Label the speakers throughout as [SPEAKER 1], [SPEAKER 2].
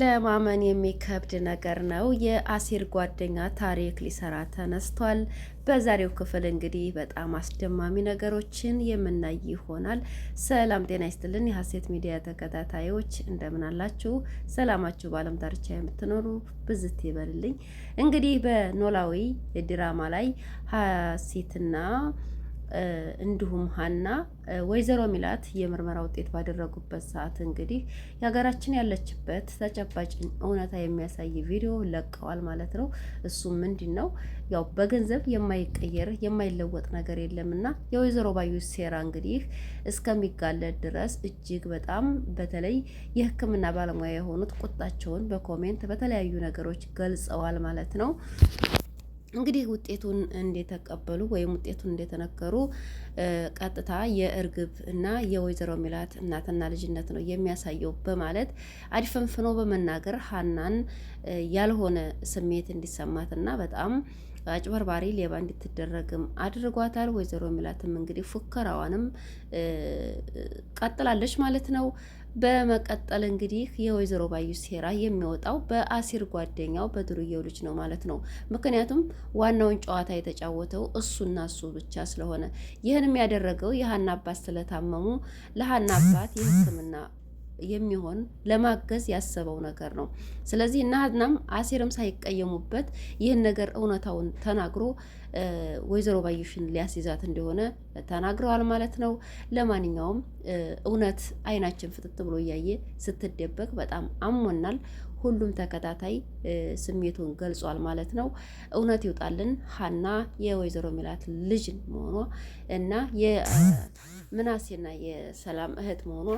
[SPEAKER 1] ለማመን የሚከብድ ነገር ነው። የአሲር ጓደኛ ታሪክ ሊሰራ ተነስቷል። በዛሬው ክፍል እንግዲህ በጣም አስደማሚ ነገሮችን የምናይ ይሆናል። ሰላም ጤና ይስጥልን። የሀሴት ሚዲያ ተከታታዮች እንደምን አላችሁ? ሰላማችሁ በዓለም ዳርቻ የምትኖሩ ብዝት ይበልልኝ። እንግዲህ በኖላዊ ድራማ ላይ ሀሴትና እንዲሁም ሀና ወይዘሮ ሚላት የምርመራ ውጤት ባደረጉበት ሰዓት እንግዲህ የሀገራችን ያለችበት ተጨባጭ እውነታ የሚያሳይ ቪዲዮ ለቀዋል ማለት ነው። እሱም ምንድን ነው? ያው በገንዘብ የማይቀየር የማይለወጥ ነገር የለም እና የወይዘሮ ባዩ ሴራ እንግዲህ እስከሚጋለጥ ድረስ እጅግ በጣም በተለይ የሕክምና ባለሙያ የሆኑት ቁጣቸውን በኮሜንት በተለያዩ ነገሮች ገልጸዋል ማለት ነው። እንግዲህ ውጤቱን እንደተቀበሉ ወይም ውጤቱን እንደተነከሩ ቀጥታ የእርግብ እና የወይዘሮ ሚላት እናትና ልጅነት ነው የሚያሳየው በማለት አድፈንፍኖ በመናገር ሀናን ያልሆነ ስሜት እንዲሰማትና በጣም አጭበርባሪ ሌባ እንድትደረግም አድርጓታል። ወይዘሮ ሚላትም እንግዲህ ፉከራዋንም ቀጥላለች ማለት ነው። በመቀጠል እንግዲህ የወይዘሮ ባዩ ሴራ የሚወጣው በአሲር ጓደኛው በድሩዬው ልጅ ነው ማለት ነው። ምክንያቱም ዋናውን ጨዋታ የተጫወተው እሱና እሱ ብቻ ስለሆነ ይህንም ያደረገው የሀና አባት ስለታመሙ ለሀና አባት የሕክምና የሚሆን ለማገዝ ያሰበው ነገር ነው። ስለዚህ እና ሀናም አሴርም ሳይቀየሙበት ይህን ነገር እውነታውን ተናግሮ ወይዘሮ ባዩሽን ሊያስይዛት እንደሆነ ተናግረዋል ማለት ነው። ለማንኛውም እውነት አይናችን ፍጥጥ ብሎ እያየ ስትደበቅ በጣም አሞናል። ሁሉም ተከታታይ ስሜቱን ገልጿል ማለት ነው። እውነት ይውጣልን። ሀና የወይዘሮ ሚላት ልጅ መሆኗ እና የምናሴና የሰላም እህት መሆኗ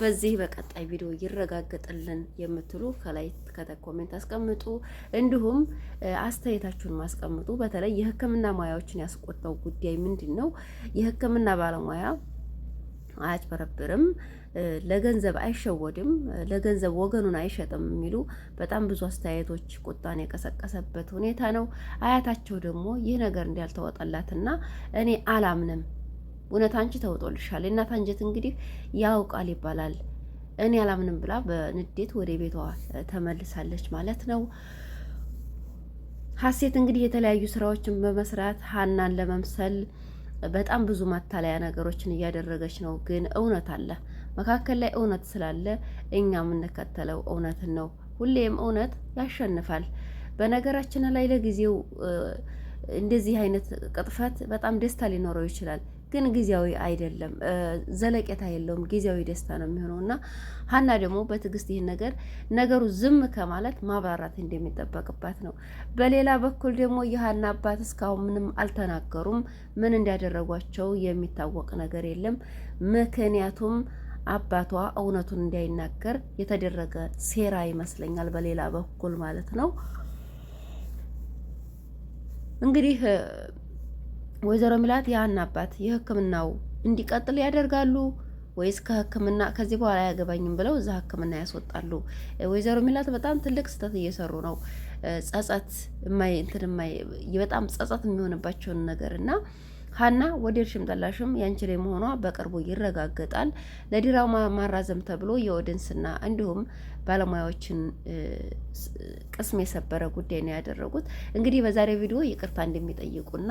[SPEAKER 1] በዚህ በቀጣይ ቪዲዮ ይረጋገጥልን የምትሉ ከላይ ኮሜንት አስቀምጡ። እንዲሁም አስተያየታችሁን ማስቀምጡ። በተለይ የሕክምና ሙያዎችን ያስቆጣው ጉዳይ ምንድን ነው? የሕክምና ባለሙያ አያጭበረብርም፣ ለገንዘብ አይሸወድም፣ ለገንዘብ ወገኑን አይሸጥም የሚሉ በጣም ብዙ አስተያየቶች ቁጣን የቀሰቀሰበት ሁኔታ ነው። አያታቸው ደግሞ ይህ ነገር እንዳልተወጣላትና እኔ አላምንም እውነት አንቺ ተውጦልሻል። የእናት አንጀት እንግዲህ ያውቃል ይባላል። እኔ አላምንም ብላ በንዴት ወደ ቤቷ ተመልሳለች ማለት ነው። ሀሴት እንግዲህ የተለያዩ ስራዎችን በመስራት ሀናን ለመምሰል በጣም ብዙ ማታለያ ነገሮችን እያደረገች ነው። ግን እውነት አለ መካከል ላይ እውነት ስላለ እኛ የምንከተለው እውነትን ነው። ሁሌም እውነት ያሸንፋል። በነገራችን ላይ ለጊዜው እንደዚህ አይነት ቅጥፈት በጣም ደስታ ሊኖረው ይችላል፣ ግን ጊዜያዊ አይደለም፣ ዘለቄታ የለውም። ጊዜያዊ ደስታ ነው የሚሆነው እና ሀና ደግሞ በትዕግስት ይህን ነገር ነገሩ ዝም ከማለት ማብራራት እንደሚጠበቅባት ነው። በሌላ በኩል ደግሞ የሀና አባት እስካሁን ምንም አልተናገሩም። ምን እንዳደረጓቸው የሚታወቅ ነገር የለም። ምክንያቱም አባቷ እውነቱን እንዳይናገር የተደረገ ሴራ ይመስለኛል፣ በሌላ በኩል ማለት ነው። እንግዲህ ወይዘሮ ሚላት ያን አባት የህክምናው እንዲቀጥል ያደርጋሉ ወይስ ከህክምና ከዚህ በኋላ አያገባኝም ብለው እዛ ህክምና ያስወጣሉ? ወይዘሮ ሚላት በጣም ትልቅ ስህተት እየሰሩ ነው። ጸጸት የማይ እንትን የማይ በጣም ጸጸት የሚሆንባቸውን ነገር እና ሀና ወደድሽም ጠላሽም ያንቺ ላይ መሆኗ በቅርቡ ይረጋገጣል። ለዲራው ማራዘም ተብሎ የኦዲየንስና እንዲሁም ባለሙያዎችን ቅስም የሰበረ ጉዳይ ነው ያደረጉት። እንግዲህ በዛሬ ቪዲዮ ይቅርታ እንደሚጠይቁና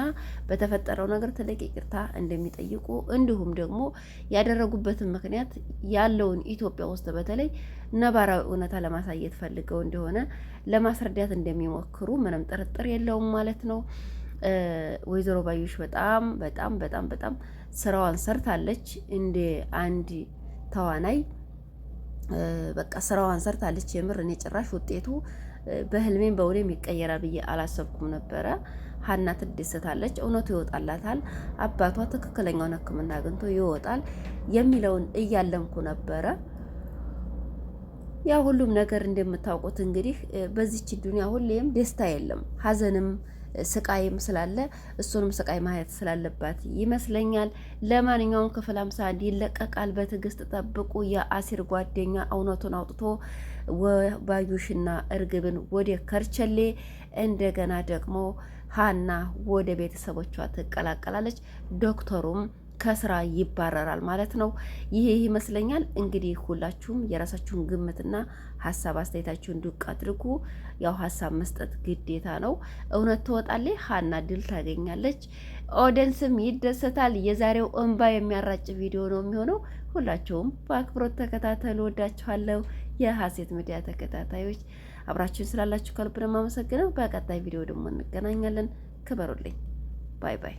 [SPEAKER 1] በተፈጠረው ነገር ትልቅ ይቅርታ እንደሚጠይቁ እንዲሁም ደግሞ ያደረጉበትን ምክንያት ያለውን ኢትዮጵያ ውስጥ በተለይ ነባራዊ እውነታ ለማሳየት ፈልገው እንደሆነ ለማስረዳት እንደሚሞክሩ ምንም ጥርጥር የለውም ማለት ነው። ወይዘሮ ባዩሽ በጣም በጣም በጣም በጣም ስራዋን ሰርታለች። እንደ አንድ ተዋናይ በቃ ስራዋን ሰርታለች። የምር እኔ ጭራሽ ውጤቱ በህልሜም በውኔም ይቀየራል ብዬ አላሰብኩም ነበረ። ሀና ትደሰታለች፣ እውነቱ ይወጣላታል። አባቷ ትክክለኛውን ሕክምና አግኝቶ ይወጣል የሚለውን እያለምኩ ነበረ። ያ ሁሉም ነገር እንደምታውቁት እንግዲህ በዚች ዱንያ ሁሌም ደስታ የለም ሀዘንም ስቃይም ስላለ እሱንም ስቃይ ማየት ስላለባት ይመስለኛል። ለማንኛውም ክፍል አምሳ አንድ ይለቀቃል። በትዕግስት ጠብቁ። የአሲር ጓደኛ እውነቱን አውጥቶ ባዩሽና እርግብን ወደ ከርቸሌ እንደገና ደግሞ ሀና ወደ ቤተሰቦቿ ትቀላቀላለች። ዶክተሩም ከስራ ይባረራል ማለት ነው። ይህ ይመስለኛል እንግዲህ ሁላችሁም የራሳችሁን ግምትና ሀሳብ አስተያየታችሁን ዱቅ አድርጉ። ያው ሀሳብ መስጠት ግዴታ ነው። እውነት ትወጣለች፣ ሀና ድል ታገኛለች፣ ኦደንስም ይደሰታል። የዛሬው እንባ የሚያራጭ ቪዲዮ ነው የሚሆነው። ሁላችሁም በአክብሮት ተከታተሉ። ወዳችኋለሁ። የሀሴት ሚዲያ ተከታታዮች አብራችሁን ስላላችሁ ከልብ ነው የማመሰግነው። በቀጣይ ቪዲዮ ደግሞ እንገናኛለን። ክበሩልኝ። ባይ ባይ